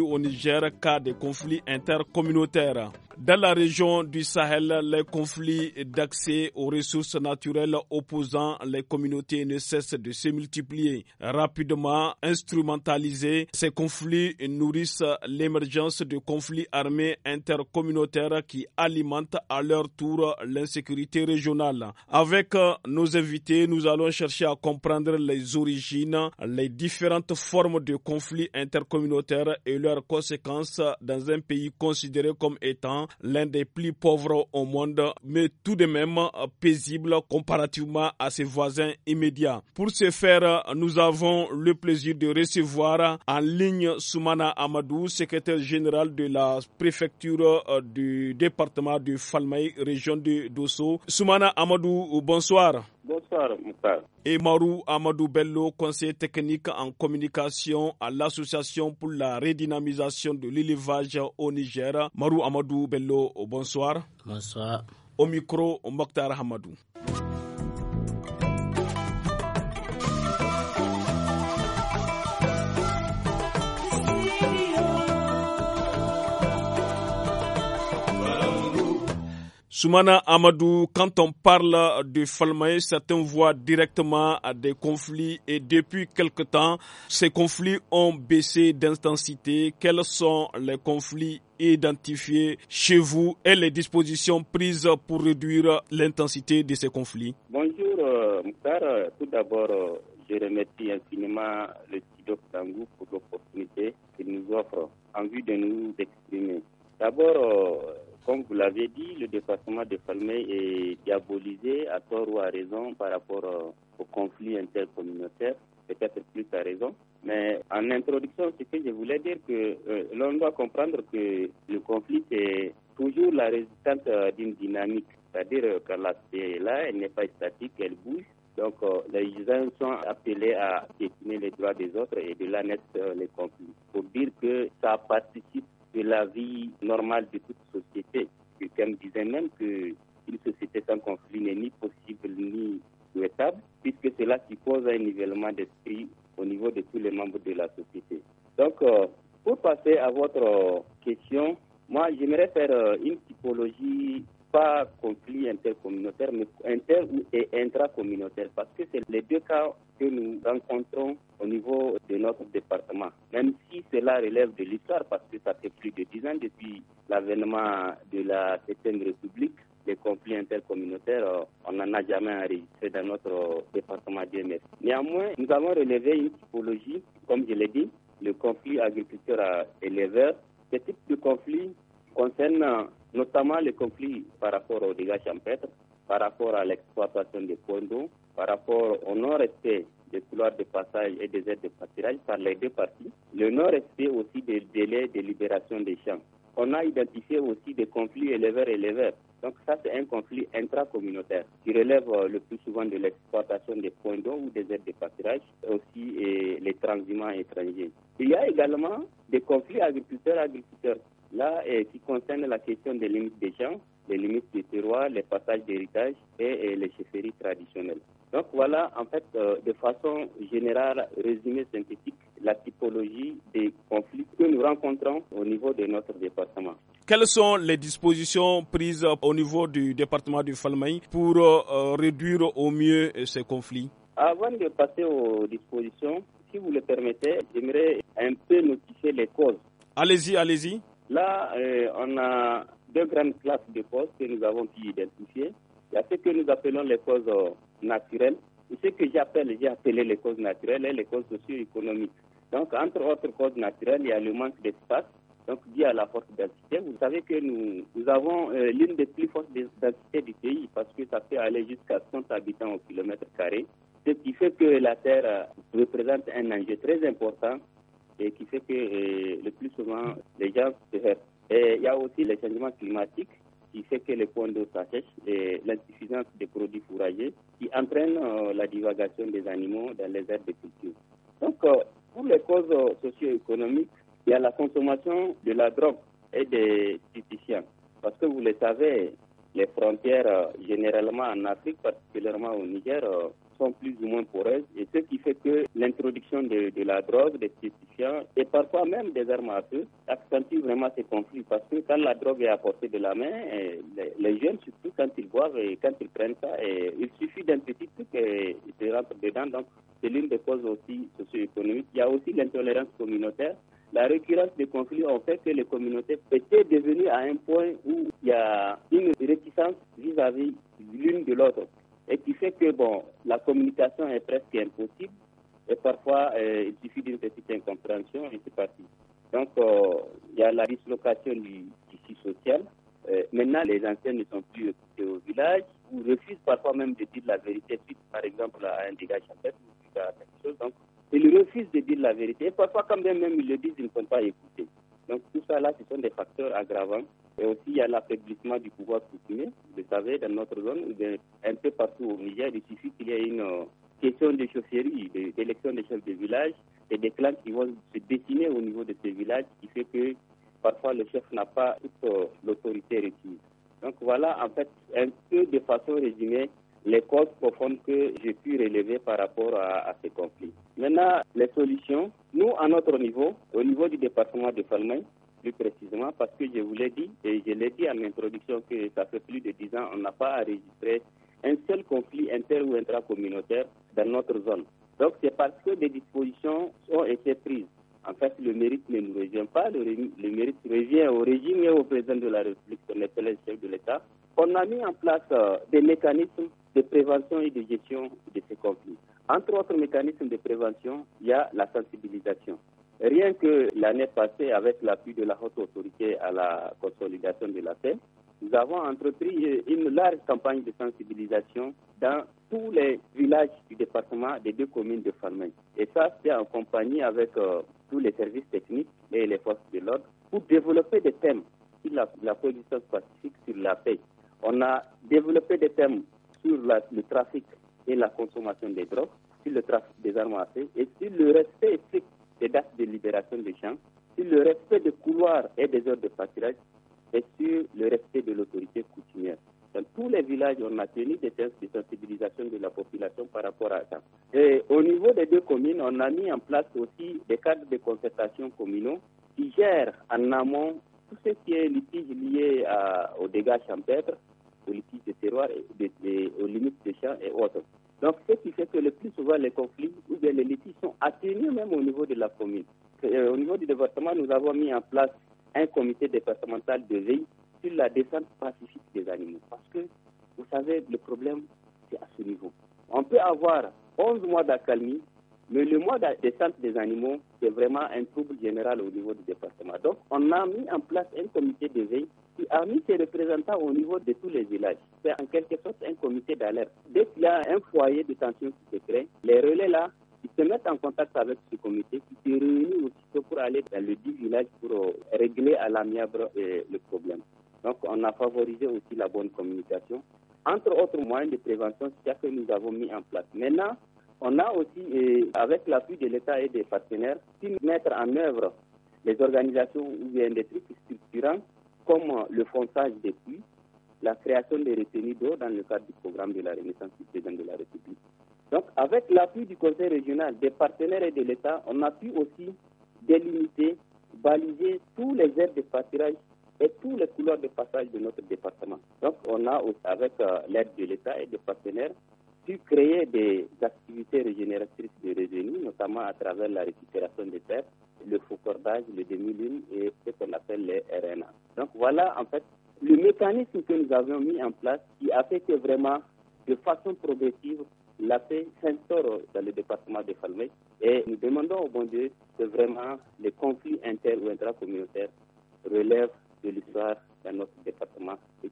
au Niger cas de conflits intercommunautaires. Dans la région du Sahel, les conflits d'accès aux ressources naturelles opposant les communautés ne cessent de se multiplier. Rapidement instrumentalisés, ces conflits nourrissent l'émergence de conflits armés intercommunautaires qui alimentent à leur tour l'insécurité régionale. Avec euh, nos invités, nous allons chercher à comprendre les origines, les différentes formes de conflits intercommunautaires et leurs conséquences dans un pays considéré comme étant l'un des plus pauvres au monde, mais tout de même paisible comparativement à ses voisins immédiats. Pour ce faire, nous avons le plaisir de recevoir en ligne Soumana Amadou, secrétaire général de la préfecture euh, du département de Falmaï, région de Dosso. Soumana Amadou, bonsoir. Bonsoir, Moukar. Et Marou Amadou Bello, conseiller technique en communication à l'Association pour la redynamisation de l'élevage au Niger. Marou Amadou Bello, bonsoir. Bonsoir. Au micro, Mokhtar Hamadou. Soumana Amadou, quand on parle de Falmaï, certains voient directement à des conflits et depuis quelque temps, ces conflits ont baissé d'intensité. Quels sont les conflits identifiés chez vous et les dispositions prises pour réduire l'intensité de ces conflits Bonjour euh, Tout d'abord, euh, je remercie infiniment le Tidok Tangou pour l'opportunité qu'il nous offre en vue de nous exprimer. D'abord, euh, comme vous l'avez dit, le département de Falmey est diabolisé à tort ou à raison par rapport euh, au conflit intercommunautaire, peut-être plus à raison. Mais en introduction, ce que je voulais dire, que euh, l'on doit comprendre que le conflit, est toujours la résistance euh, d'une dynamique. C'est-à-dire que la est là, elle n'est pas statique, elle bouge. Donc, les gens sont appelés à définir les droits des autres et de là naissent les conflits. Pour dire que ça participe de la vie normale de toute terme disait même qu'une société sans conflit n'est ni possible ni souhaitable, puisque cela suppose un nivellement d'esprit au niveau de tous les membres de la société. Donc, euh, pour passer à votre question, moi, j'aimerais faire euh, une typologie pas conflit intercommunautaire, mais inter et intracommunautaire, parce que c'est les deux cas que nous rencontrons au niveau de notre département, même cela relève de l'histoire parce que ça fait plus de dix ans depuis l'avènement de la septième république. Les conflits intercommunautaires, euh, on n'en a jamais enregistré dans notre département Mais Néanmoins, nous avons relevé une typologie, comme je l'ai dit, le conflit agriculteur-éleveur. Ce type de conflit concerne euh, notamment les conflit par rapport aux dégâts champêtres, par rapport à l'exploitation des condos, par rapport au non-respect des couloirs de passage et des aides de pâturage par les deux parties, le nord, respect aussi des délais de libération des champs. On a identifié aussi des conflits éleveurs-éleveurs. Donc ça, c'est un conflit intracommunautaire qui relève euh, le plus souvent de l'exploitation des points d'eau ou des aides de pâturage, aussi les transiments étrangers. Il y a également des conflits agriculteurs-agriculteurs, là, euh, qui concerne la question des limites des champs, les limites des terroirs, les passages d'héritage et, et les chefferies traditionnelles. Donc voilà, en fait, euh, de façon générale, résumée synthétique, la typologie des conflits que nous rencontrons au niveau de notre département. Quelles sont les dispositions prises au niveau du département du Falmaï pour euh, euh, réduire au mieux ces conflits Avant de passer aux dispositions, si vous le permettez, j'aimerais un peu notifier les causes. Allez-y, allez-y. Là, on a deux grandes classes de causes que nous avons pu identifier. Il y a ce que nous appelons les causes naturelles, ce que j'appelle, j'ai appelé les causes naturelles et les causes socio-économiques. Donc, entre autres causes naturelles, il y a le manque d'espace, donc dû à la forte densité. Vous savez que nous, nous avons euh, l'une des plus fortes densités du pays parce que ça peut aller jusqu'à 100 habitants au kilomètre carré, ce qui fait que la terre euh, représente un enjeu très important et qui fait que euh, le plus souvent les gens se heurtent. Et il y a aussi les changements climatiques qui fait que les points d'eau s'assèchent et l'insuffisance des produits fourragers qui entraîne euh, la divagation des animaux dans les aires de culture. Donc, euh, pour les causes euh, socio-économiques, il y a la consommation de la drogue et des stupéfiants. Parce que vous le savez, les frontières, généralement en Afrique, particulièrement au Niger, plus ou moins poreuses et ce qui fait que l'introduction de, la drogue, des stupéfiants et parfois même des armes à feu accentue vraiment ces conflits parce que quand la drogue est à portée de la main, eh, les, les, jeunes, surtout quand ils boivent et quand ils prennent ça, et eh, il suffit d'un petit truc et eh, ils rentrent dedans. Donc, c'est l'une des causes aussi socio-économiques. Il y a aussi l'intolérance communautaire. La récurrence des conflits ont fait que les communautés étaient devenues à un point où il y a une réticence vis-à-vis l'une de l'autre et qui fait que bon, la communication est presque impossible et parfois euh, il suffit d'une petite incompréhension et c'est parti. Donc euh, il y a la dislocation du tissu social. Euh, maintenant les anciens ne sont plus écoutés au village ou refusent parfois même de dire la vérité suite par exemple à un dégât champêtre à quelque chose. ils refusent de dire la vérité et parfois quand même même ils le disent ils ne sont pas écoutés. Donc tout ça là, ce sont des facteurs aggravants. Et aussi, il y a l'affaiblissement du pouvoir coutumier. Vous savez, dans notre zone, un peu partout au milieu il suffit qu'il y ait une euh, question de chaufferie, d'élection des chefs de village, et des clans qui vont se dessiner au niveau de ces villages, qui fait que parfois le chef n'a pas euh, l'autorité requise. Donc voilà, en fait, un peu de façon résumée, les causes profondes que j'ai pu relever par rapport à, ces conflits. Maintenant, les solutions, nous, à notre niveau, au niveau du département de Falmay, plus précisément, parce que je vous l'ai dit, et je l'ai dit en introduction, que ça fait plus de dix ans, on n'a pas enregistré un seul conflit inter- ou intracommunautaire dans notre zone. Donc c'est parce que des dispositions ont été prises. En fait, le mérite ne nous revient pas, le, mérite revient au régime et au président de la République, appelle le chef de l'État. On a mis en place euh, des mécanismes de prévention et de gestion de ces conflits. Entre autres mécanismes de prévention, il y a la sensibilisation. Rien que l'année passée, avec l'appui de la haute autorité à la consolidation de la paix, nous avons entrepris une large campagne de sensibilisation dans tous les villages du département des deux communes de Farming. Et ça, c'est en compagnie avec euh, tous les services techniques et les forces de l'ordre pour développer des thèmes sur la, la spécifique pacifique, sur la paix. On a développé des thèmes sur le trafic et la consommation des drogues, sur le trafic des armes à feu et sur le respect des dates de libération des champs, sur le respect des couloirs et des heures de pâturage et sur le respect de l'autorité coutumière. Dans tous les villages, on a tenu des tests de sensibilisation de la population par rapport à ça. Et au niveau des deux communes, on a mis en place aussi des cadres de concertation communaux qui gèrent en amont tout ce qui est litige lié à, aux dégâts champêtres politique de terroir, et aux limites des champs et autres. Donc, ce qui fait que le plus souvent, les conflits ou bien les litiges sont atténués même au niveau de la commune. Euh, au niveau du département, nous avons mis en place un comité départemental de veille sur la descente pacifique des animaux. Parce que, vous savez, le problème, c'est à ce niveau. On peut avoir 11 mois d'accalmie, mais le mois de descente des animaux, c'est vraiment un trouble général au niveau du département. Donc, on a mis en place un comité de veille qui a mis ses représentants au niveau de tous les villages. C'est en quelque sorte un comité d'alerte. Dès qu'il y a un foyer de tension qui se crée, les relais là, ils se mettent en contact avec ce comité qui se réunit aussi pour aller dans le dit village pour euh, régler à l'amiable euh, le problème. Donc on a favorisé aussi la bonne communication. Entre autres moyens de prévention, c'est ce que nous avons mis en place. Maintenant, on a aussi, euh, avec l'appui de l'État et des partenaires, pu mettre en œuvre les organisations ou bien des trucs structurants comme le fonçage des puits, la création des retenues d'eau dans le cadre du programme de la Renaissance du de la République. Donc, avec l'appui du Conseil régional, des partenaires et de l'État, on a pu aussi délimiter, baliser tous les aires de pâturage et tous les couloirs de passage de notre département. Donc, on a, avec euh, l'aide de l'État et des partenaires, pu créer des activités régénératrices de revenus, notamment à travers la récupération des terres, le faux cordage, le demi-lune et ce qu'on appelle les RNA. Donc voilà en fait le mécanisme que nous avons mis en place qui a fait que vraiment, de façon progressive, la paix s'instaure dans le département de Falmey et nous demandons au bon Dieu que vraiment les conflits inter ou communautaires relèvent de l'histoire dans notre département et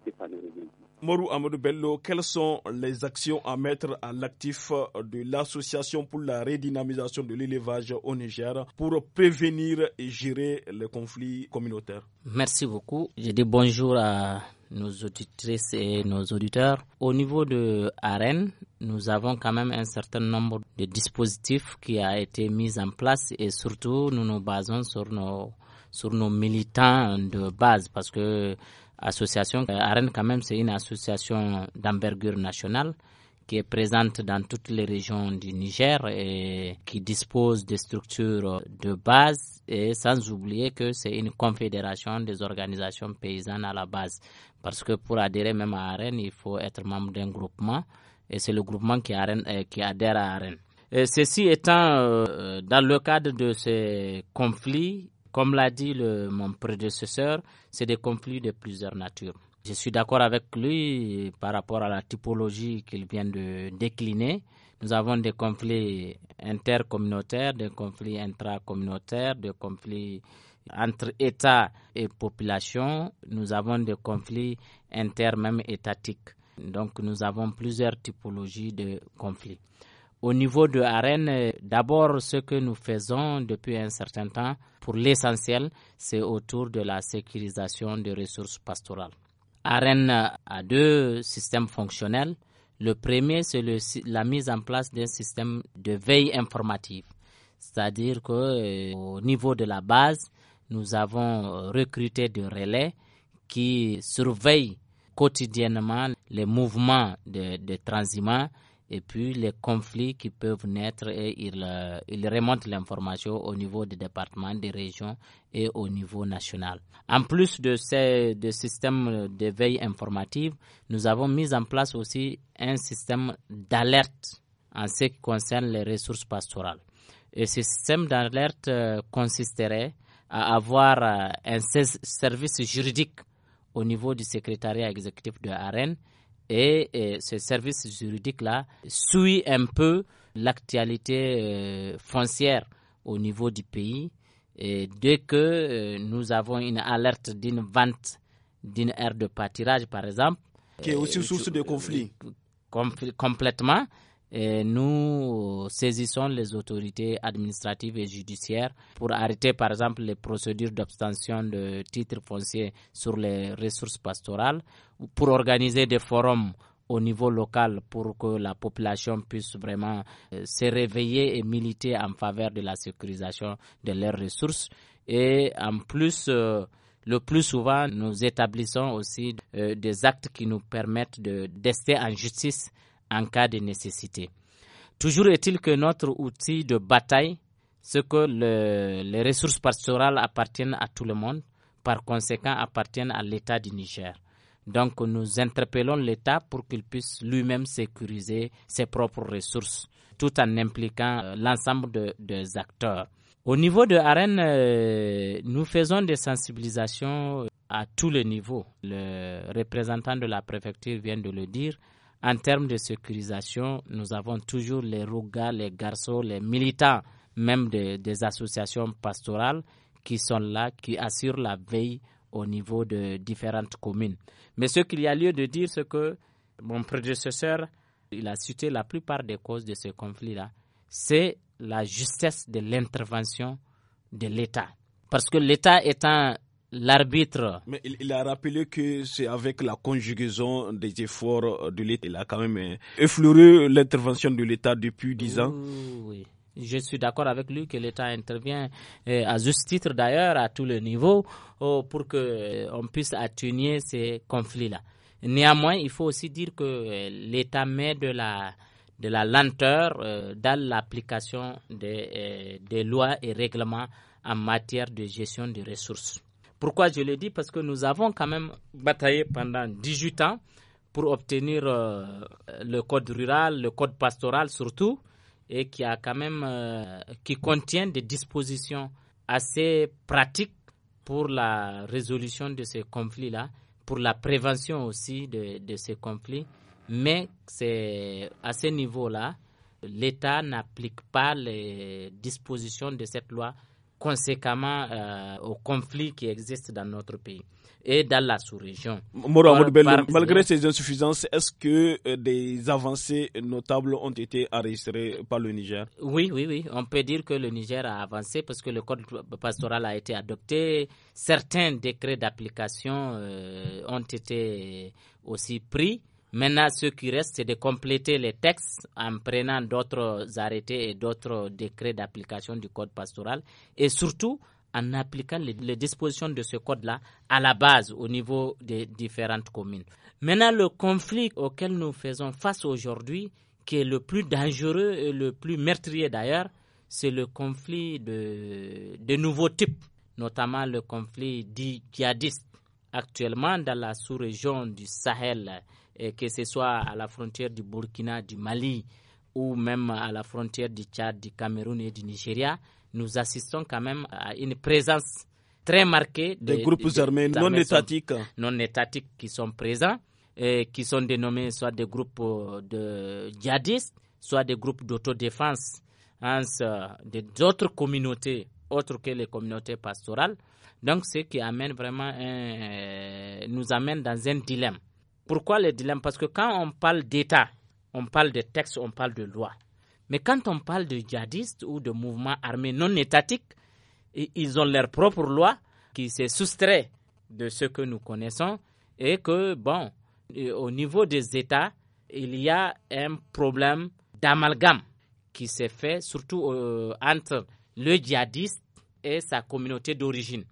Amadou Bello, quelles sont les actions à mettre à l'actif de l'association pour la redynamisation de l'élevage au Niger pour prévenir et gérer les conflits communautaires Merci beaucoup. Je dis bonjour à nos auditrices et nos auditeurs. Au niveau de AREN, nous avons quand même un certain nombre de dispositifs qui a été mis en place et surtout nous nous basons sur nos sur nos militants de base parce que association Arène quand même c'est une association d'envergure nationale qui est présente dans toutes les régions du Niger et qui dispose des structures de base et sans oublier que c'est une confédération des organisations paysannes à la base parce que pour adhérer même à Arène il faut être membre d'un groupement et c'est le groupement qui, euh, qui adhère à Arène. Et ceci étant, euh, dans le cadre de ces conflits, comme l'a dit mon prédécesseur, c'est des conflits de plusieurs natures. Je suis d'accord avec lui par rapport à la typologie qu'il vient de décliner. Nous avons des conflits intercommunautaires, des conflits intracommunautaires, des conflits entre États et population. Nous avons des conflits inter-même étatiques. Donc nous avons plusieurs typologies de conflits. Au niveau de Arène, euh, d'abord, ce que nous faisons depuis un certain temps, pour l'essentiel, c'est autour de la sécurisation des ressources pastorales. Arène a deux systèmes fonctionnels. Le premier, c'est la mise en place d'un système de veille informative. C'est-à-dire qu'au euh, niveau de la base, nous avons euh, recruté des relais qui surveillent quotidiennement les mouvements de, transiments et puis les conflits qui peuvent naître et il, euh, remontent l'information au niveau des départements, des régions et au niveau national. En plus de ces de systèmes de veille informative, nous avons mis en place aussi un système d'alerte en ce qui concerne les ressources pastorales. ce système d'alerte euh, consisterait à avoir euh, un service juridique au niveau du secrétariat exécutif de AREN et, ce service juridique-là suit un peu l'actualité euh, foncière au niveau du pays. Et dès que euh, nous avons une alerte d'une vente d'une aire de pâturage, par exemple, qui est aussi euh, source de conflit. complètement. Et nous saisissons les autorités administratives et judiciaires pour arrêter par exemple les procédures d'obtention de titres fonciers sur les ressources pastorales, pour organiser des forums au niveau local pour que la population puisse vraiment euh, se réveiller et militer en faveur de la sécurisation de leurs ressources. Et en plus, euh, le plus souvent, nous établissons aussi euh, des actes qui nous permettent de d'ester en justice en cas de nécessité. Toujours est-il que notre outil de bataille, c'est que les ressources pastorales appartiennent à tout le monde, par conséquent appartiennent à l'État du Niger. Donc nous interpellons l'État pour qu'il puisse lui-même sécuriser ses propres ressources, tout en impliquant euh, l'ensemble des acteurs. Au niveau de Arène, euh, nous faisons des sensibilisations euh, à tous les niveaux. Le représentant de la préfecture vient de le dire. En termes de sécurisation, nous avons toujours les rougas, les garçons, les militants, même des associations pastorales qui sont là, qui assurent la veille au niveau de différentes communes. Mais ce qu'il y a lieu de dire, c'est que mon prédécesseur, il a cité la plupart des causes de ce conflit-là. C'est la justesse de l'intervention de l'État. Parce que l'État étant l'arbitre. Mais il, a rappelé que c'est avec la conjugaison des efforts de l'État. Il a quand même euh, effleuré l'intervention de l'État depuis dix ans. Oui. Je suis d'accord avec lui que l'État intervient euh, à juste titre d'ailleurs à tous les niveaux euh, pour que on puisse atténuer ces conflits-là. Néanmoins, il faut aussi dire que l'État met de la de la lenteur dans l'application des, des lois et règlements en matière de gestion des ressources. Pourquoi je le dis Parce que nous avons quand même bataillé pendant 18 ans pour obtenir euh, le code rural, le code pastoral surtout, et qui a quand même euh, qui contient des dispositions assez pratiques pour la résolution de ces conflits-là, pour la prévention aussi de, de ces conflits. Mais c'est à ce niveau-là, l'État n'applique pas les dispositions de cette loi conséquemment euh, au aux conflits qui existent dans notre pays et dans la sous-région. malgré ces insuffisances, est-ce que euh, des avancées notables ont été enregistrées par le Niger Oui, oui, oui. On peut dire que le Niger a avancé parce que le code pastoral a été adopté. Certains décrets d'application euh, ont été aussi pris. Maintenant, ce qui reste, c'est de compléter les textes en prenant d'autres arrêtés et d'autres décrets d'application du code pastoral et surtout en appliquant les, dispositions de ce code-là à la base au niveau des différentes communes. Maintenant, le conflit auquel nous faisons face aujourd'hui, qui est le plus dangereux et le plus meurtrier d'ailleurs, c'est le conflit de, de nouveaux types, notamment le conflit dit djihadiste. Actuellement, dans la sous-région du Sahel, que ce soit à la frontière du Burkina, du Mali ou même à la frontière du Tchad, du Cameroun et du Nigeria, nous assistons quand même à une présence très marquée de, groupes armés, non étatiques. Non étatiques qui sont présents, et qui sont dénommés soit des groupes euh, de djihadistes, soit des groupes d'autodéfense d'autres communautés autres que les communautés pastorales. Donc, ce qui amène vraiment euh, nous amène dans un dilemme. Pourquoi le dilemme Parce que quand on parle d'État, on parle de texte, on parle de loi. Mais quand on parle de djihadistes ou de mouvements armés non étatiques, ils ont leur propre loi qui se soustrait de ce que nous connaissons et que, bon, au niveau des États, il y a un problème d'amalgame qui s'est fait surtout euh, entre le djihadiste et sa communauté d'origine.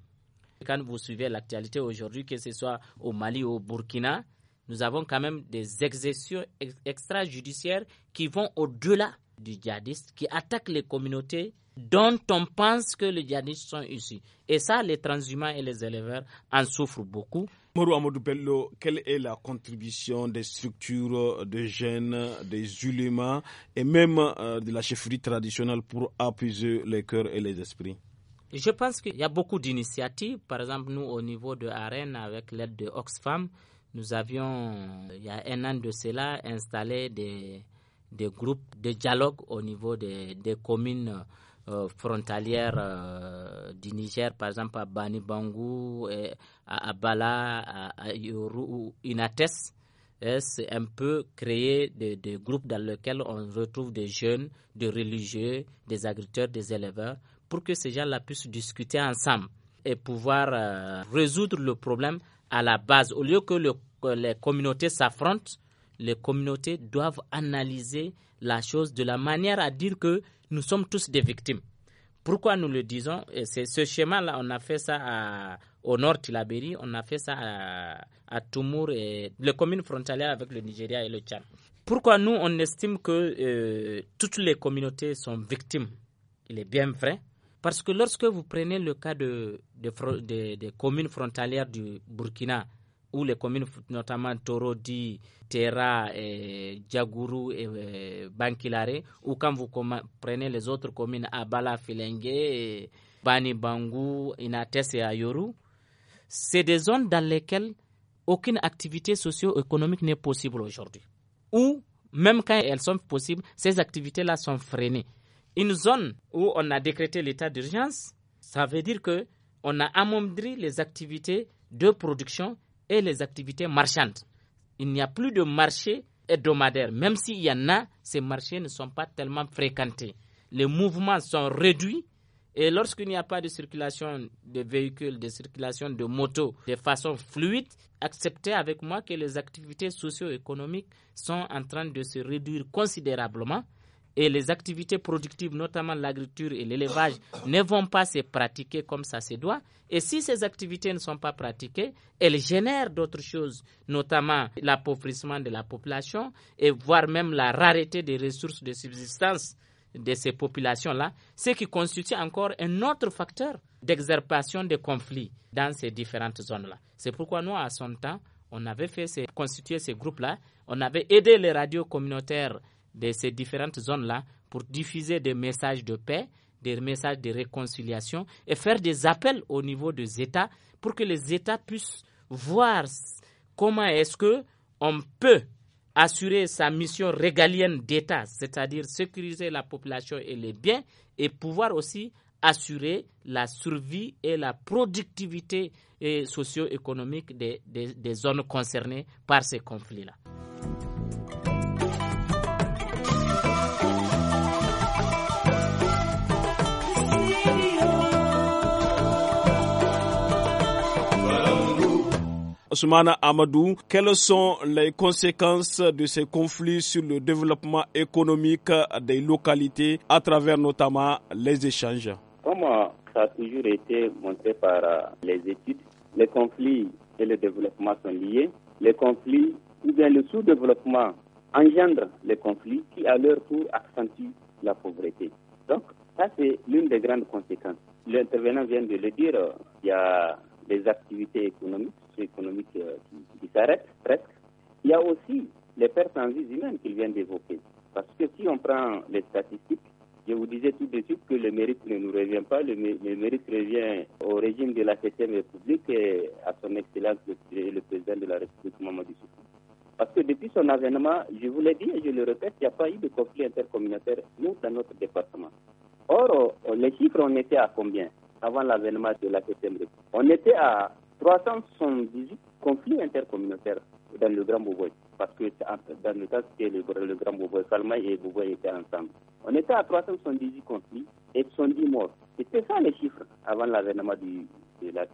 Quand vous suivez l'actualité aujourd'hui, que ce soit au Mali ou au Burkina, nous avons quand même des exécutions extrajudiciaires qui vont au-delà du djihadiste, qui attaquent les communautés dont on pense que les djihadistes sont issus. Et ça, les transhumants et les éleveurs en souffrent beaucoup. Moro Amadou quelle est la contribution des structures de jeunes, des ulémas et même euh, de la chefferie traditionnelle pour apaiser les cœurs et les esprits Je pense qu'il y a beaucoup d'initiatives. Par exemple, nous, au niveau de Arène, avec l'aide de Oxfam, nous avions, il y a un an de cela, installé des, des groupes de dialogue au niveau des, des communes euh, frontalières euh, du Niger, par exemple à Bani Bangou, et à Abala, à, à ou Inates. C'est un peu créer des, des groupes dans lesquels on retrouve des jeunes, des religieux, des agriculteurs, des éleveurs, pour que ces gens-là puissent discuter ensemble et pouvoir euh, résoudre le problème à la base, au lieu que le les communautés s'affrontent, les communautés doivent analyser la chose de la manière à dire que nous sommes tous des victimes. Pourquoi nous le disons C'est ce schéma-là, on a fait ça au nord Tilaberi, on a fait ça à, à Toumour, et, les communes frontalières avec le Nigeria et le Tchad. Pourquoi nous, on estime que euh, toutes les communautés sont victimes Il est bien vrai. Parce que lorsque vous prenez le cas de, des communes frontalières du Burkina, où les communes, notamment Torodi, Terra, et et Bankilare, ou quand vous prenez les autres communes, Abala, Filengue, eh, Bani Bangou, Inates et Ayoru, c'est des zones dans lesquelles aucune activité socio-économique n'est possible aujourd'hui. Ou, même quand elles sont possibles, ces activités-là sont freinées. Une zone où on a décrété l'état d'urgence, ça veut dire que on a amendé les activités de production et les activités marchandes. Il n'y a plus de marché hebdomadaire. Même s'il y en a, ces marchés ne sont pas tellement fréquentés. Les mouvements sont réduits et lorsqu'il n'y a pas de circulation de véhicules, de circulation de motos de façon fluide, acceptez avec moi que les activités socio-économiques sont en train de se réduire considérablement et les activités productives, notamment l'agriculture et l'élevage, ne vont pas se pratiquer comme ça se doit. Et si ces activités ne sont pas pratiquées, elles génèrent d'autres choses, notamment l'appauvrissement de la population et voire même la rareté des ressources de subsistance de ces populations-là, ce qui constitue encore un autre facteur d'exerpation des conflits dans ces différentes zones-là. C'est pourquoi nous, à son temps, on avait fait constituer ces groupes-là, on avait aidé les radios communautaires de ces différentes zones-là pour diffuser des messages de paix, des messages de réconciliation et faire des appels au niveau des États pour que les États puissent voir comment est-ce que on peut assurer sa mission régalienne d'État, c'est-à-dire sécuriser la population et les biens et pouvoir aussi assurer la survie et la productivité socio-économique des, des zones concernées par ces conflits-là. Ousmana Amadou, quelles sont les conséquences de ces conflits sur le développement économique des localités à travers notamment les échanges Comme ça a toujours été montré par euh, les études, les conflits et le développement sont liés. Les conflits ou bien le sous-développement engendre les conflits qui à leur tour accentuent la pauvreté. Donc ça c'est l'une des grandes conséquences. L'intervenant vient de le dire, euh, il y a des activités économiques économique euh, qui, s'arrête presque. Il y a aussi les pertes en vie humaines qu'il vient d'évoquer. Parce que si on prend les statistiques, je vous disais tout de suite que le mérite ne nous revient pas, le, mérite revient au régime de la 7e République et à son Excellence le, président de la République, Mamadou Soukou. Parce que depuis son avènement, je vous l'ai dit et je le répète, il n'y a pas eu de conflit intercommunautaire, nous, dans notre département. Or, les chiffres, on était à combien avant l'avènement de la 7e République On était à 378 conflits intercommunautaires dans le Grand Bouvoy, parce que dans le cas c'était le, le, Grand Bouvoy, Salmaï et Bouvoy étaient ensemble. On était à 378 conflits et 70 morts. C'était ça les chiffres avant l'avènement de la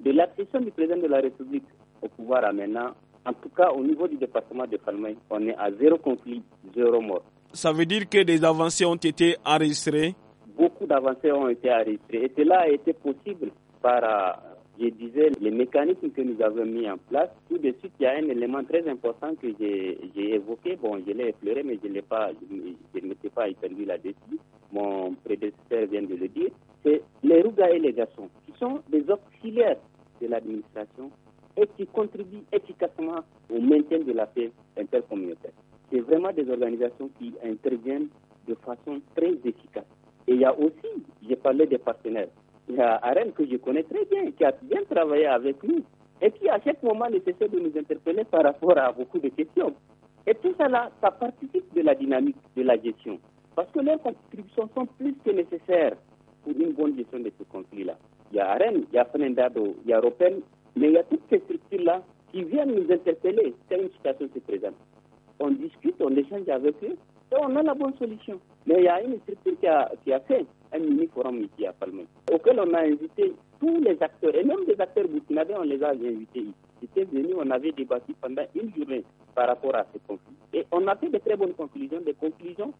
De l'accession du président de la République au pouvoir à maintenant, en tout cas au niveau du département de Salmaï, on est à zéro conflit, zéro mort. Ça veut dire que des avancées ont été enregistrées Beaucoup d'avancées ont été enregistrées et cela a été possible par euh, je disais, les mécanismes que nous avons mis en place, tout de suite, il y a un élément très important que j'ai évoqué. Bon, je l'ai effleuré, mais je, pas, je, ne m'étais pas étendu là-dessus. Mon prédécesseur vient de le dire. C'est les rougas et les garçons, qui sont des auxiliaires de l'administration et qui contribuent efficacement au maintien de la paix intercommunautaire. C'est vraiment des organisations qui interviennent de façon très efficace. Et il y a aussi, j'ai parlé des partenaires, il y a Arène que je connais très bien, qui a bien travaillé avec nous et qui à chaque moment ne de nous interpeller par rapport à beaucoup de questions. Et tout ça ça participe de la dynamique de la gestion. Parce que leurs contributions sont plus que nécessaires pour une bonne gestion de ce conflit-là. Il y a Arène, il y a Fernandado, il y a Ropen, mais il y a toutes ces structures-là qui viennent nous interpeller quand une situation se présente. On discute, on échange avec eux et on a la bonne solution. Mais il y a une structure qui a fait un mini-forum ici à Palme, auquel on a invité tous les acteurs, et même des acteurs burkinabés, on les a invités ici. C'était venu, on avait débattu pendant une journée par rapport à ces conflits. Et on a fait de très bonnes conclusions, des conclusions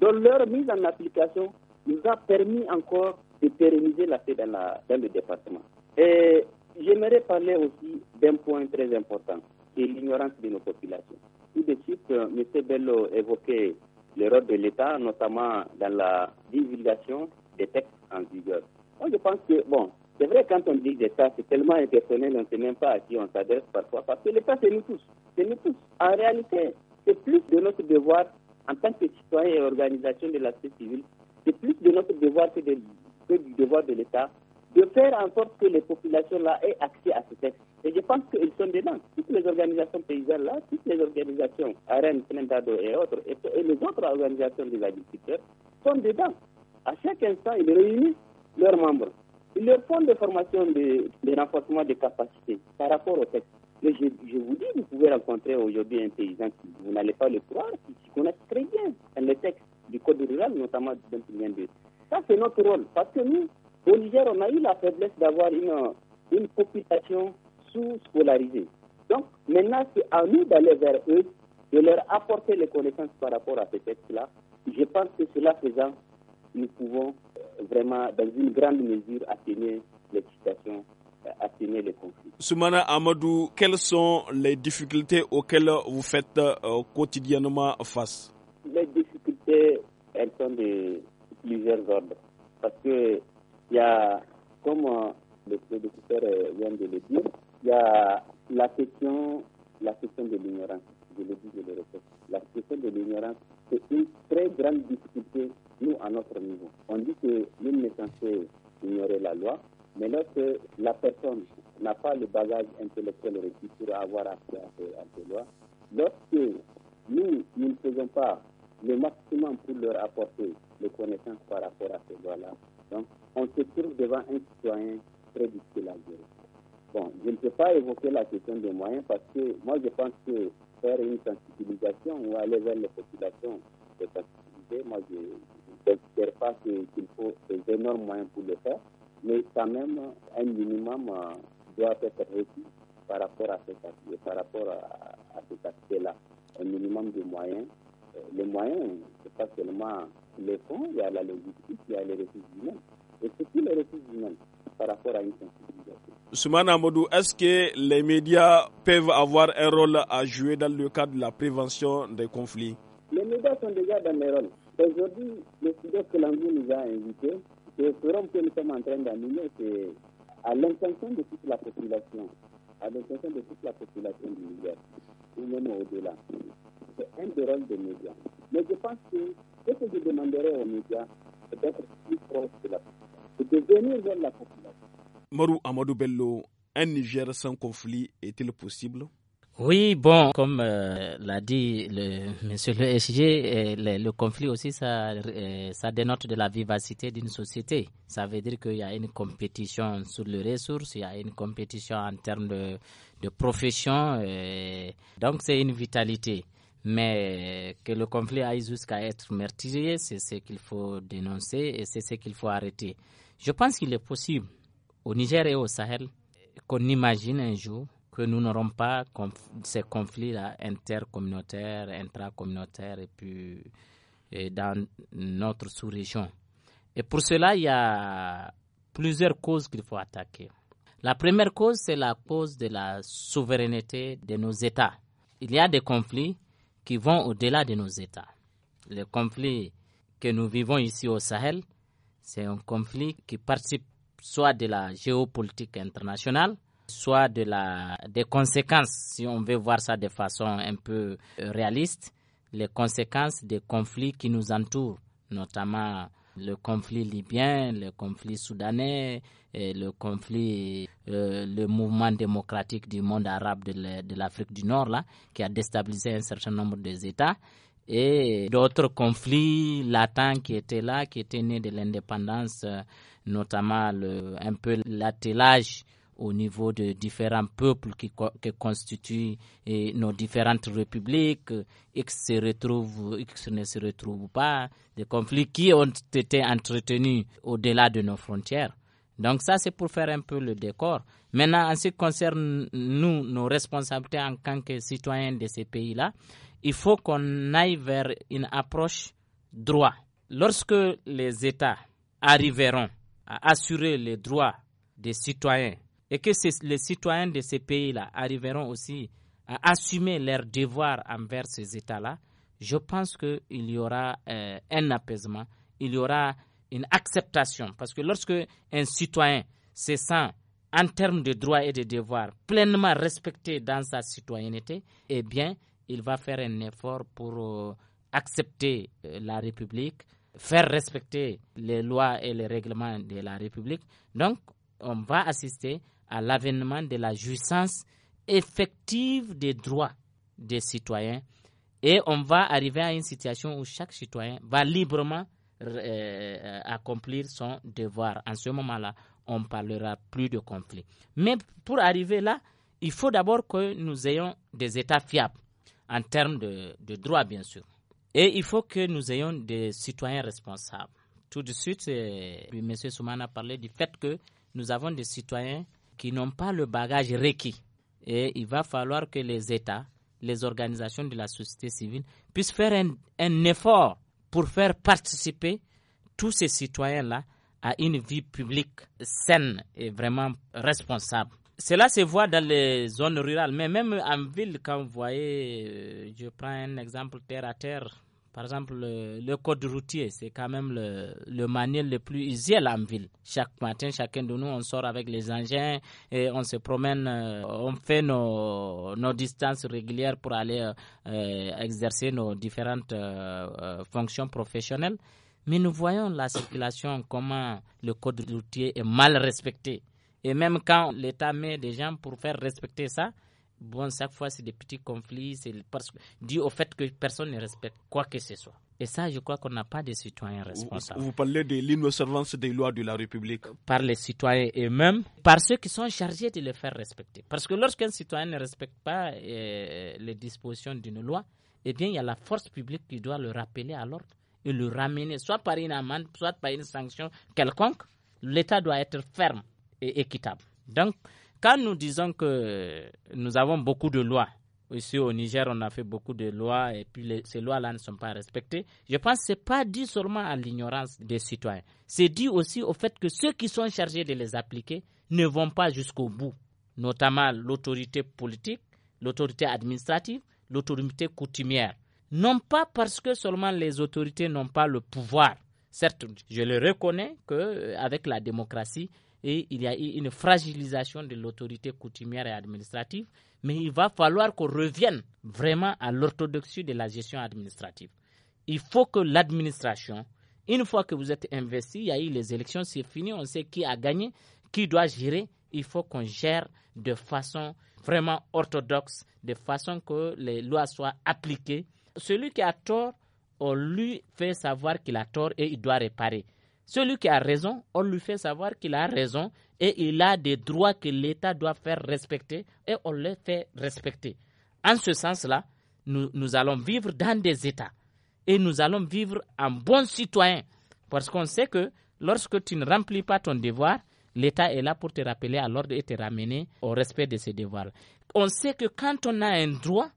dont leur mise en application nous a permis encore de pérenniser la paix dans, dans le département. Et j'aimerais parler aussi d'un point très important, c'est l'ignorance de nos populations. Tout de suite, euh, M. Bello évoquait le rôle de l'État, notamment dans la divulgation des textes en vigueur. Moi, je pense que, bon, c'est vrai, quand on dit l'État, c'est tellement impersonnel, on ne sait même pas à qui on s'adresse parfois, parce que l'État, c'est nous tous. C'est nous tous. En réalité, c'est plus de notre devoir en tant que citoyen et organisation de la société civile, c'est plus de notre devoir que du devoir de l'État de faire en sorte que les populations-là aient accès à ce texte. Et je pense qu'ils sont dedans. Toutes les organisations paysannes-là, toutes les organisations AREN, Prenado et autres, et, les autres organisations des agriculteurs sont dedans. À chaque instant, ils réunissent leurs membres. Ils leur font des formations de, de renforcement des capacités par rapport au texte. Mais je, vous dis, vous pouvez rencontrer aujourd'hui un paysan qui, vous n'allez pas le croire, qui connaît très bien le texte du Code rural, notamment du 2022. Ça, c'est notre rôle, parce que nous, au Niger, on a eu la faiblesse d'avoir une, population sous-scolarisée. Donc, maintenant, c'est à nous d'aller vers eux, de leur apporter les connaissances par rapport à ces textes-là. Je pense que cela faisant, nous pouvons vraiment, dans une grande mesure, atteindre les situations euh, atteindre les conflits. Soumana Amadou, quelles sont les difficultés auxquelles vous faites euh, quotidiennement face Les difficultés, elles sont de plusieurs ordres. Parce que il y a, comme le producteur euh, vient de le dire, il y a la question, la question de l'ignorance. Je le dis, je le répète. La question de l'ignorance, c'est une très grande difficulté, nous, à notre niveau. On dit que l'une est censé ignorer la loi, mais lorsque la personne n'a pas le bagage intellectuel requis pour avoir accès à ces, lois, lorsque nous, nous ne faisons pas le maximum pour leur apporter les connaissances par rapport à ces lois-là, donc, on se trouve devant un citoyen très difficile à gérer. Bon, je ne peux pas évoquer la question des moyens parce que moi, je pense que faire une sensibilisation ou aller vers les populations de sensibiliser, moi, je considère pas qu'il faut des énormes moyens pour le faire, mais quand même, un minimum euh, doit être réduit par rapport à cet aspect, par rapport à, là Un minimum de moyens. Euh, les moyens, n'est pas seulement les fonds, il y a la logistique, il y a les ressources humaines. Et tous les ressources humaines par rapport à une sensibilisation. Soumane Amadou, est-ce que les médias peuvent avoir un rôle à jouer dans le cadre de la prévention des conflits Les médias sont déjà dans les rôles. Aujourd'hui, le sujet que l'Anglais nous a invité, le forum que nous sommes en train d'animer, c'est à l'intention de toute la population, à l'intention de toute la population du Niger, ou même au-delà. C'est un des rôles des médias. Mais je pense que ce que je demanderais aux médias, d'être plus proche de la population, de vers la population. Marou Amadou Bello, un Niger sans conflit est-il possible oui, bon, comme euh, l'a dit le, Monsieur le SG, euh, le, conflit aussi, ça, euh, ça dénote de la vivacité d'une société. Ça veut dire qu'il y a une compétition sur les ressources, il y a une compétition en termes de, de profession. donc, c'est une vitalité. Mais que le conflit aille jusqu'à être meurtrier, c'est ce qu'il faut dénoncer et c'est ce qu'il faut arrêter. Je pense qu'il est possible au Niger et au Sahel qu'on imagine un jour que nous n'aurons pas ces conflits-là intercommunautaires, intracommunautaires et puis dans notre sous-région. Et pour cela, il y a plusieurs causes qu'il faut attaquer. La première cause, c'est la cause de la souveraineté de nos États. Il y a des conflits qui vont au-delà de nos États. Le conflit que nous vivons ici au Sahel, c'est un conflit qui participe soit de la géopolitique internationale, soit de la, des conséquences, si on veut voir ça de façon un peu euh, réaliste, les conséquences des conflits qui nous entourent, notamment le conflit libyen, le conflit soudanais, le conflit, euh, le mouvement démocratique du monde arabe de l'Afrique du Nord, là, qui a déstabilisé un certain nombre des États et d'autres conflits latins qui étaient là, qui étaient nés de l'indépendance, euh, notamment un peu l'attelage au niveau de différents peuples qui, constituent nos différentes républiques, qui se qui ne se retrouvent pas, des conflits qui ont été entretenus au-delà de nos frontières. Donc ça, c'est pour faire un peu le décor. Maintenant, en ce qui concerne nous, nos responsabilités en tant que citoyens de ces pays-là, il faut qu'on aille vers une approche droit. Lorsque les États arriveront à assurer les droits des citoyens et que les citoyens de ces pays-là arriveront aussi à assumer leurs devoirs envers ces États-là, je pense qu'il y aura euh, un apaisement, il y aura une acceptation. Parce que lorsque un citoyen se sent en termes de droits et de devoirs pleinement respecté dans sa citoyenneté, eh bien, il va faire un effort pour euh, accepter euh, la République, faire respecter les lois et les règlements de la République. Donc, on va assister à l'avènement de la jouissance effective des droits des citoyens et on va arriver à une situation où chaque citoyen va librement euh, euh, accomplir son devoir. En ce moment-là, on ne parlera plus de conflit. Mais pour arriver là, il faut d'abord que nous ayons des États fiables en termes de, de droit, bien sûr. Et il faut que nous ayons des citoyens responsables. Tout de suite, euh, M. Souman a parlé du fait que nous avons des citoyens qui n'ont pas le bagage requis. Et il va falloir que les États, les organisations de la société civile puissent faire un effort pour faire participer tous ces citoyens-là à une vie publique saine et vraiment responsable. Cela se voit dans les zones rurales, mais même en ville, quand vous voyez, euh, je prends un exemple terre à terre, par exemple, le, code routier, c'est quand même le, manuel le plus usuel en ville. Chaque matin, chacun de nous, on sort avec les engins et on se promène, euh, on fait nos, distances régulières pour aller euh, exercer nos différentes euh, fonctions professionnelles. Mais nous voyons la circulation, comment le code routier est mal respecté. Et même quand l'État met des gens pour faire respecter ça, bon, chaque fois, c'est des petits conflits, c'est dû au fait que personne ne respecte quoi que ce soit. Et ça, je crois qu'on n'a pas de citoyens responsables. Vous, parlez de l'inobservance des lois de la République. Par les citoyens eux-mêmes, par ceux qui sont chargés de les faire respecter. Parce que lorsqu'un citoyen ne respecte pas euh, les dispositions d'une loi, eh bien, il y a la force publique qui doit le rappeler à l'ordre et le ramener, soit par une amende, soit par une sanction quelconque. L'État doit être ferme et équitable. Donc, quand nous disons que nous avons beaucoup de lois, ici au Niger, on a fait beaucoup de lois et puis ces lois-là ne sont pas respectées. Je pense que ce n'est pas dû seulement à l'ignorance des citoyens. C'est dû aussi au fait que ceux qui sont chargés de les appliquer ne vont pas jusqu'au bout, notamment l'autorité politique, l'autorité administrative, l'autorité coutumière. Non pas parce que seulement les autorités n'ont pas le pouvoir. Certes, je le reconnais qu'avec euh, la démocratie, et il y a eu une fragilisation de l'autorité coutumière et administrative, mais il va falloir qu'on revienne vraiment à l'orthodoxie de la gestion administrative. Il faut que l'administration, une fois que vous êtes investi, il y a eu les élections, c'est fini, on sait qui a gagné, qui doit gérer, il faut qu'on gère de façon vraiment orthodoxe, de façon que les lois soient appliquées. Celui qui a tort, on lui fait savoir qu'il a tort et il doit réparer. Celui qui a raison, on lui fait savoir qu'il a raison et il a des droits que l'État doit faire respecter et on les fait respecter. En ce sens-là, nous, allons vivre dans des États et nous allons vivre en bon citoyen. parce qu'on sait que lorsque tu ne remplis pas ton devoir, l'État est là pour te rappeler à l'ordre et te ramener au respect de ses devoirs. On sait que quand on a un droit,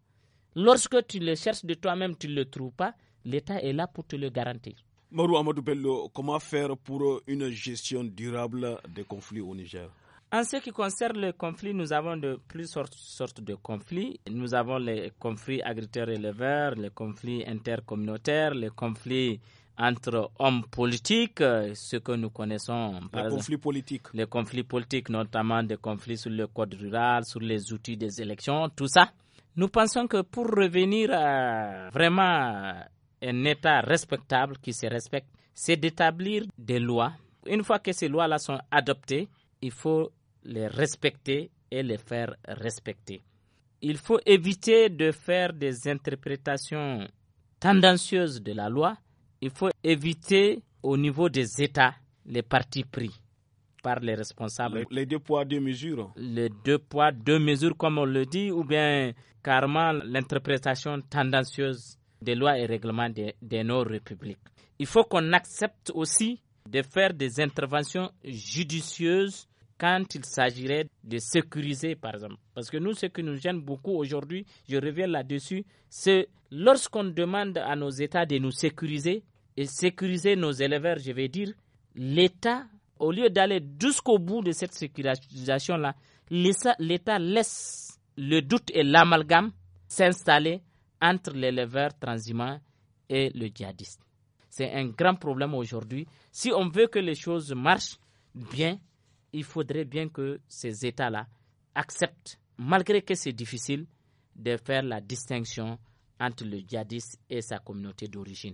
lorsque tu le cherches de toi-même, tu ne le trouves pas, l'État est là pour te le garantir. Marou Amadou Bello, comment faire pour une gestion durable des conflits au Niger en ce qui concerne les conflits, nous avons de plusieurs sortes de conflits. Nous avons les conflits agriculteurs-éleveurs, les conflits intercommunautaires, les conflits entre hommes politiques, euh, ce que nous connaissons. Par les conflits politiques. Les conflits politiques, notamment des conflits sur le code rural, sur les outils des élections, tout ça. Nous pensons que pour revenir à vraiment un État respectable qui se respecte, c'est d'établir des lois. Une fois que ces lois-là sont adoptées, il faut les respecter et les faire respecter. Il faut éviter de faire des interprétations tendancieuses de la loi. Il faut éviter au niveau des États les partis pris par les responsables. Les, deux poids, deux mesures. Les deux poids, deux mesures, comme on le dit, ou bien carrément l'interprétation tendancieuse des lois et règlements de, nos républiques. Il faut qu'on accepte aussi de faire des interventions judicieuses quand il s'agirait de sécuriser, par exemple. Parce que nous, ce qui nous gêne beaucoup aujourd'hui, je reviens là-dessus, c'est lorsqu'on demande à nos États de nous sécuriser, et sécuriser nos éleveurs, je vais dire, l'État, au lieu d'aller jusqu'au bout de cette sécurisation-là, l'État laisse le doute et l'amalgame s'installer entre l'éleveur transhumant et le djihadiste. C'est un grand problème aujourd'hui. Si on veut que les choses marchent bien, il faudrait bien que ces États-là acceptent, malgré que c'est difficile, de faire la distinction entre le djihadiste et sa communauté d'origine.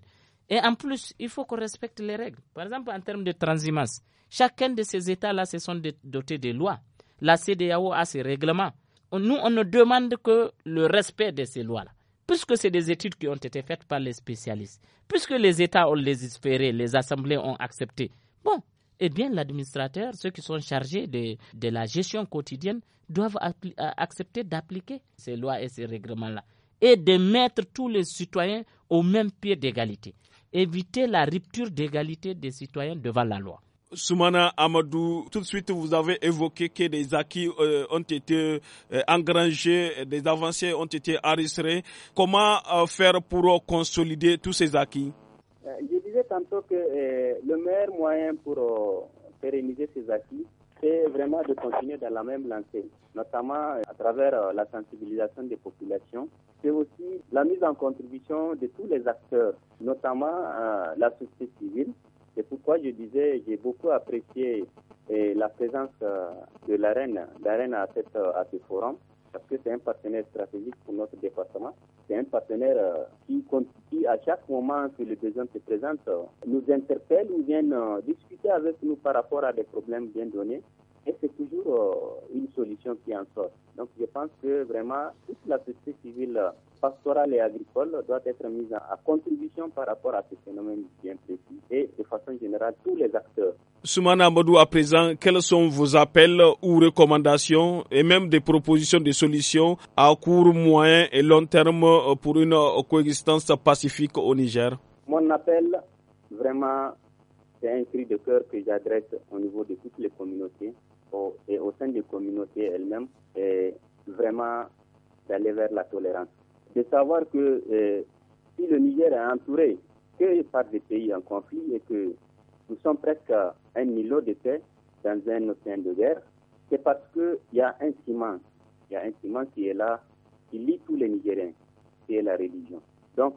Et en plus, il faut qu'on respecte les règles. Par exemple, en termes de transhumance, chacun de ces États-là se sont dotés de lois. La CDAO a ses règlements. Nous, on ne demande que le respect de ces lois-là puisque c'est des études qui ont été faites par les spécialistes, puisque les États ont espérés, les assemblées ont accepté. Bon, eh bien, l'administrateur, ceux qui sont chargés de la gestion quotidienne, doivent euh, accepter d'appliquer ces lois et ces règlements-là et de mettre tous les citoyens au même pied d'égalité. Éviter la rupture d'égalité des citoyens devant la loi. Soumana Amadou, tout de suite vous avez évoqué que des acquis euh, ont été euh, engrangés, des avancées ont été arrêtées. Comment euh, faire pour consolider tous ces acquis Je disais tantôt que le meilleur moyen pour pérenniser ces acquis, c'est vraiment de continuer dans la même lancée, notamment à travers la sensibilisation des populations. C'est aussi la mise en contribution de tous les acteurs, notamment la société civile c'est pourquoi je disais, j'ai beaucoup apprécié eh, la présence euh, de la reine, la reine à, euh, à ce forum, parce que c'est un partenaire stratégique pour notre département. C'est un partenaire euh, qui, à chaque moment que le besoin se présente, nous interpelle ou vient discuter avec nous par rapport à des problèmes bien donnés. Et c'est toujours une solution qui en sort. Donc je pense que vraiment toute la société civile pastorale et agricole doit être mise à contribution par rapport à ce phénomène bien précis et de façon générale tous les acteurs. Soumana Amadou, à présent, quels sont vos appels ou recommandations et même des propositions de solutions à court, moyen et long terme pour une coexistence pacifique au Niger Mon appel, vraiment, c'est un cri de cœur que j'adresse au niveau de toutes les communautés et au sein des communautés elles-mêmes, et vraiment d'aller vers la tolérance de savoir que euh, si le Niger est entouré que par des pays en conflit et que nous sommes presque à un îlot de paix dans un océan de guerre, c'est parce qu'il y a un ciment, il y a un ciment qui est là, qui lie tous les Nigériens, qui est la religion. Donc,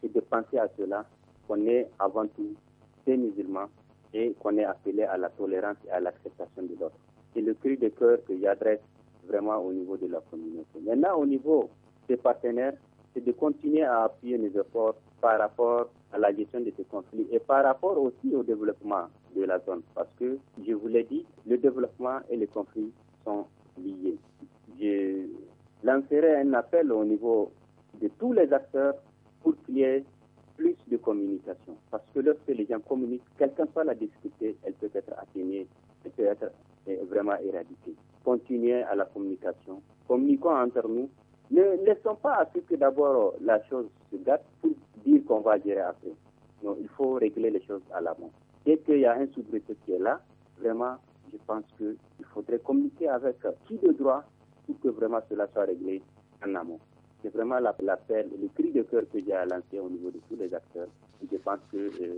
c'est de penser à cela qu'on est avant tout des musulmans et qu'on est appelé à la tolérance et à l'acceptation de l'autre. C'est le cri de cœur que j'adresse vraiment au niveau de la communauté. Maintenant, au niveau partenaires, c'est de continuer à appuyer nos efforts par rapport à la gestion de ces conflits et par rapport aussi au développement de la zone. Parce que, je vous l'ai dit, le développement et les conflits sont liés. Je lancerai un appel au niveau de tous les acteurs pour qu'il y ait plus de communication. Parce que lorsque les gens communiquent, quelqu'un soit la difficulté, elle peut être atteignée, elle peut être vraiment éradiquée. Continuer à la communication. Communiquons entre nous ne laissons pas à ce que d'abord euh, la chose se gâte pour dire qu'on va gérer après. Non, il faut régler les choses à l'amont. Dès qu'il y a un sous qui est là, vraiment, je pense qu'il faudrait communiquer avec euh, qui de droit pour que vraiment cela soit réglé en amont. C'est vraiment l'appel, le cri de cœur que j'ai à lancer au niveau de tous les acteurs. je pense que euh,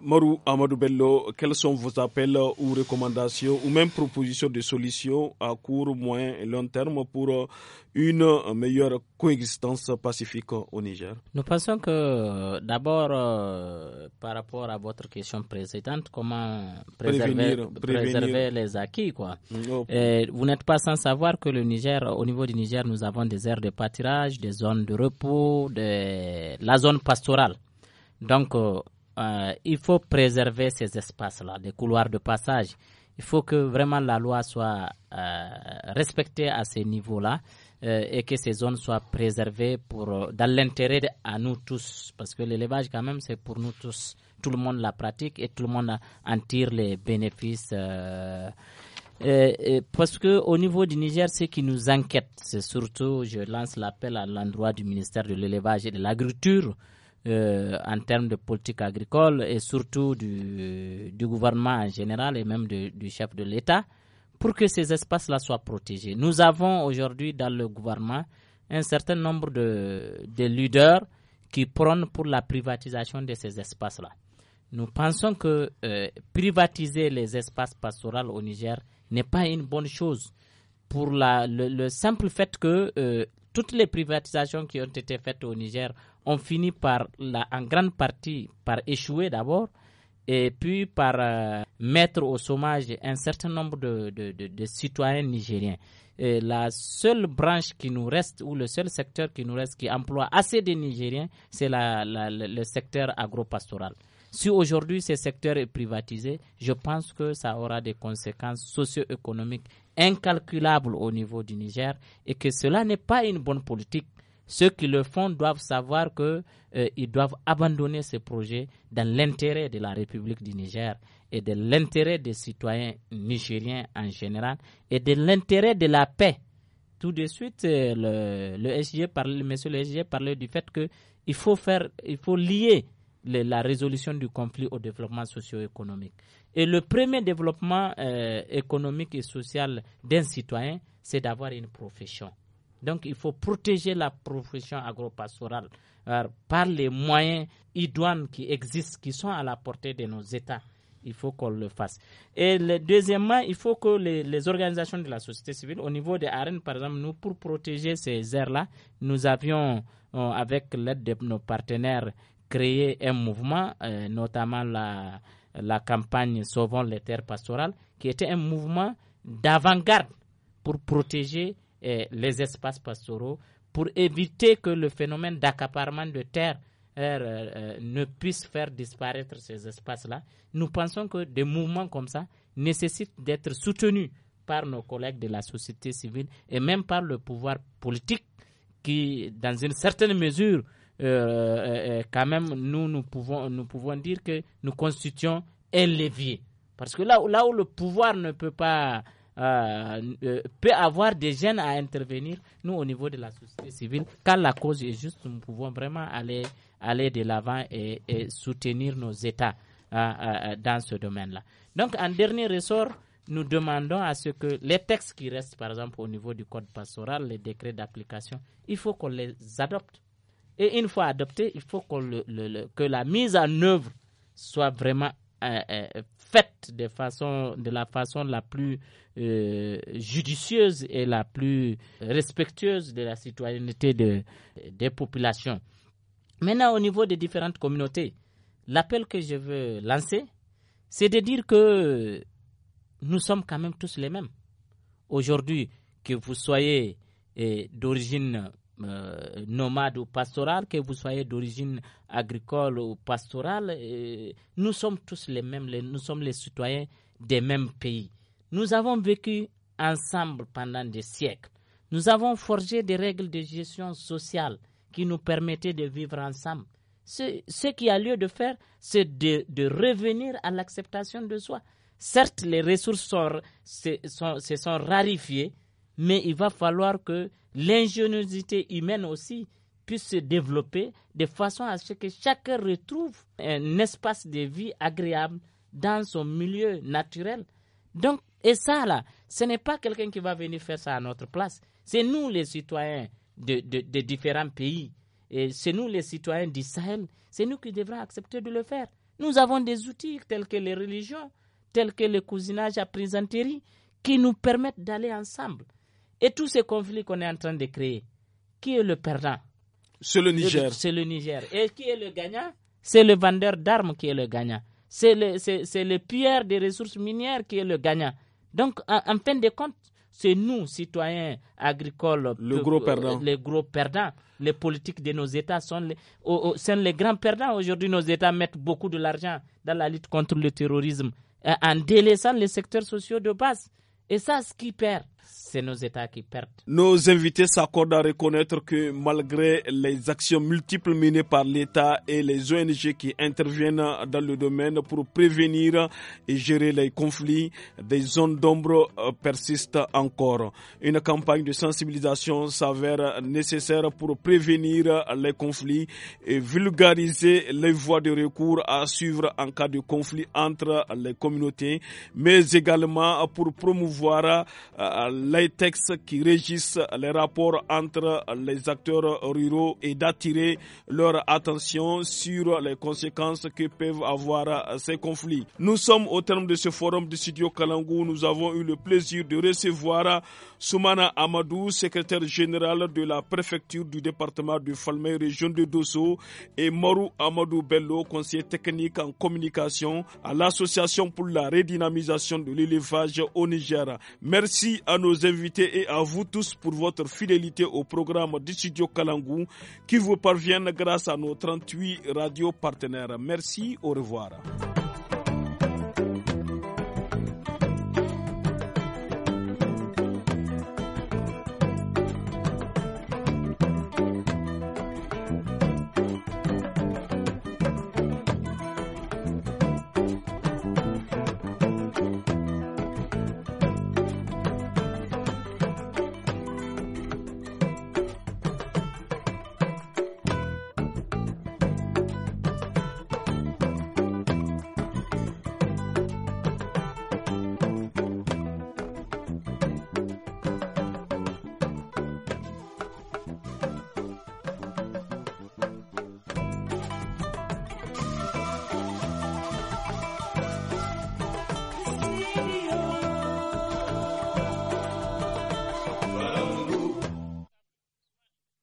Marou Amadou Bello, quels sont vos appels ou recommandations ou même propositions de solutions à court, moyen et long terme pour une meilleure coexistence pacifique au Niger Nous pensons que d'abord, euh, par rapport à votre question précédente, comment préserver, les acquis mm, oh. Vous n'êtes pas sans savoir que le Niger, au niveau du Niger, nous avons des aires de pâturage, des zones de repos, de la zone pastorale. Donc, euh, euh, il faut préserver ces espaces-là, des couloirs de passage. Il faut que vraiment la loi soit euh, respectée à ces niveaux là euh, et que ces zones soient préservées pour, dans l'intérêt à nous tous. Parce que l'élevage, quand même, c'est pour nous tous. Tout le monde la pratique et tout le monde en tire les bénéfices. Et, parce que au niveau du Niger, ce qui nous inquiète, c'est surtout, je lance l'appel à l'endroit du ministère de l'élevage et de l'agriculture, euh, en termes de politique agricole et surtout du, gouvernement en général et même du chef de l'État pour que ces espaces-là soient protégés. Nous avons aujourd'hui dans le gouvernement un certain nombre de, leaders qui prônent pour la privatisation de ces espaces-là. Nous pensons que euh, privatiser les espaces pastoraux au Niger n'est pas une bonne chose pour la, le, simple fait que euh, toutes les privatisations qui ont été faites au Niger on finit par, la, en grande partie, par échouer d'abord, et puis par euh, mettre au chômage un certain nombre de, citoyens nigériens. la seule branche qui nous reste, ou le seul secteur qui nous reste, qui emploie assez de Nigériens, c'est le secteur agropastoral. Si aujourd'hui ce secteur est privatisé, je pense que ça aura des conséquences socio-économiques incalculables au niveau du Niger et que cela n'est pas une bonne politique ceux qui le font doivent savoir qu'ils euh, doivent abandonner ce projet dans l'intérêt de la République du Niger et de l'intérêt des citoyens nigériens en général et de l'intérêt de la paix. Tout de suite, euh, le, le SG parlait, monsieur le SG parlait du fait qu'il faut il faut lier la résolution du conflit au développement socio-économique. Et le premier développement euh, économique et social d'un citoyen, c'est d'avoir une profession. Donc il faut protéger la profession agropastorale euh, par les moyens idoines qui existent, qui sont à la portée de nos États. Il faut qu'on le fasse. Et deuxièmement, il faut que les, organisations de la société civile, au niveau des arènes, par exemple, nous, pour protéger ces aires-là, nous avions, euh, avec l'aide de nos partenaires, créé un mouvement, euh, notamment la, la campagne Sauvons les terres pastorales, qui était un mouvement d'avant-garde pour protéger les espaces pastoraux pour éviter que le phénomène d'accaparement de terre euh, euh, ne puisse faire disparaître ces espaces-là. Nous pensons que des mouvements comme ça nécessitent d'être soutenus par nos collègues de la société civile et même par le pouvoir politique qui, dans une certaine mesure, euh, quand même, nous, nous, pouvons, nous pouvons dire que nous constituons un levier. Parce que là, là où le pouvoir ne peut pas euh, euh, peut avoir des jeunes à intervenir, nous, au niveau de la société civile, car la cause est juste, nous pouvons vraiment aller, aller de l'avant et, soutenir nos États euh, dans ce domaine-là. Donc, en dernier ressort, nous demandons à ce que les textes qui restent, par exemple, au niveau du code pastoral, les décrets d'application, il faut qu'on les adopte. Et une fois adoptés, il faut le, que la mise en œuvre soit vraiment euh, euh, faite de, façon, de la façon la plus euh, judicieuse et la plus respectueuse de la citoyenneté de, des populations. Maintenant, au niveau des différentes communautés, l'appel que je veux lancer, c'est de dire que nous sommes quand même tous les mêmes. Aujourd'hui, que vous soyez d'origine nomades euh, nomade ou pastorales, que vous soyez d'origine agricole ou pastorale, euh, nous sommes tous les mêmes, nous sommes les citoyens des mêmes pays. Nous avons vécu ensemble pendant des siècles. Nous avons forgé des règles de gestion sociale qui nous permettaient de vivre ensemble. Ce, ce qui a lieu de faire, c'est de, revenir à l'acceptation de soi. Certes, les ressources se sont, sont rarifiées, mais il va falloir que l'ingéniosité humaine aussi puisse se développer de façon à ce que chacun retrouve un espace de vie agréable dans son milieu naturel. Donc, et ça là, ce n'est pas quelqu'un qui va venir faire ça à notre place. C'est nous les citoyens de, différents pays. Et c'est nous les citoyens d'Israël. C'est nous qui devrons accepter de le faire. Nous avons des outils tels que les religions, tels que le cousinage à présenterie, qui nous permettent d'aller ensemble. Et tous ces conflits qu'on est en train de créer, qui est le perdant C'est le Niger. C'est le Niger. Et qui est le gagnant C'est le vendeur d'armes qui est le gagnant. C'est le, c'est, le des ressources minières qui est le gagnant. Donc, en, fin de compte, c'est nous, citoyens agricoles, le gros les gros perdants. Les politiques de nos États sont les, les grands perdants. Aujourd'hui, nos États mettent beaucoup de l'argent dans la lutte contre le terrorisme en délaissant les secteurs sociaux de base. Et ça, ce qui perd, c'est nos États qui perdent. Nos invités s'accordent à reconnaître que malgré les actions multiples menées par l'État et les ONG qui interviennent dans le domaine pour prévenir et gérer les conflits, des zones d'ombre euh, persistent encore. Une campagne de sensibilisation s'avère nécessaire pour prévenir les conflits et vulgariser les voies de recours à suivre en cas de conflit entre les communautés, mais également pour promouvoir euh, les textes qui régissent les rapports entre les acteurs ruraux et d'attirer leur attention sur les conséquences que peuvent avoir ces conflits. Nous sommes au terme de ce forum du studio Kalangou. Nous avons eu le plaisir de recevoir Soumana Amadou, secrétaire général de la préfecture du département du Falmey, région de Dosso, et Morou Amadou Bello, conseiller technique en communication à l'Association pour la redynamisation de l'élevage au Niger. Merci à nous nos invités et à vous tous pour votre fidélité au programme du studio Kalangou qui vous parvient grâce à nos 38 radios partenaires. Merci, au revoir.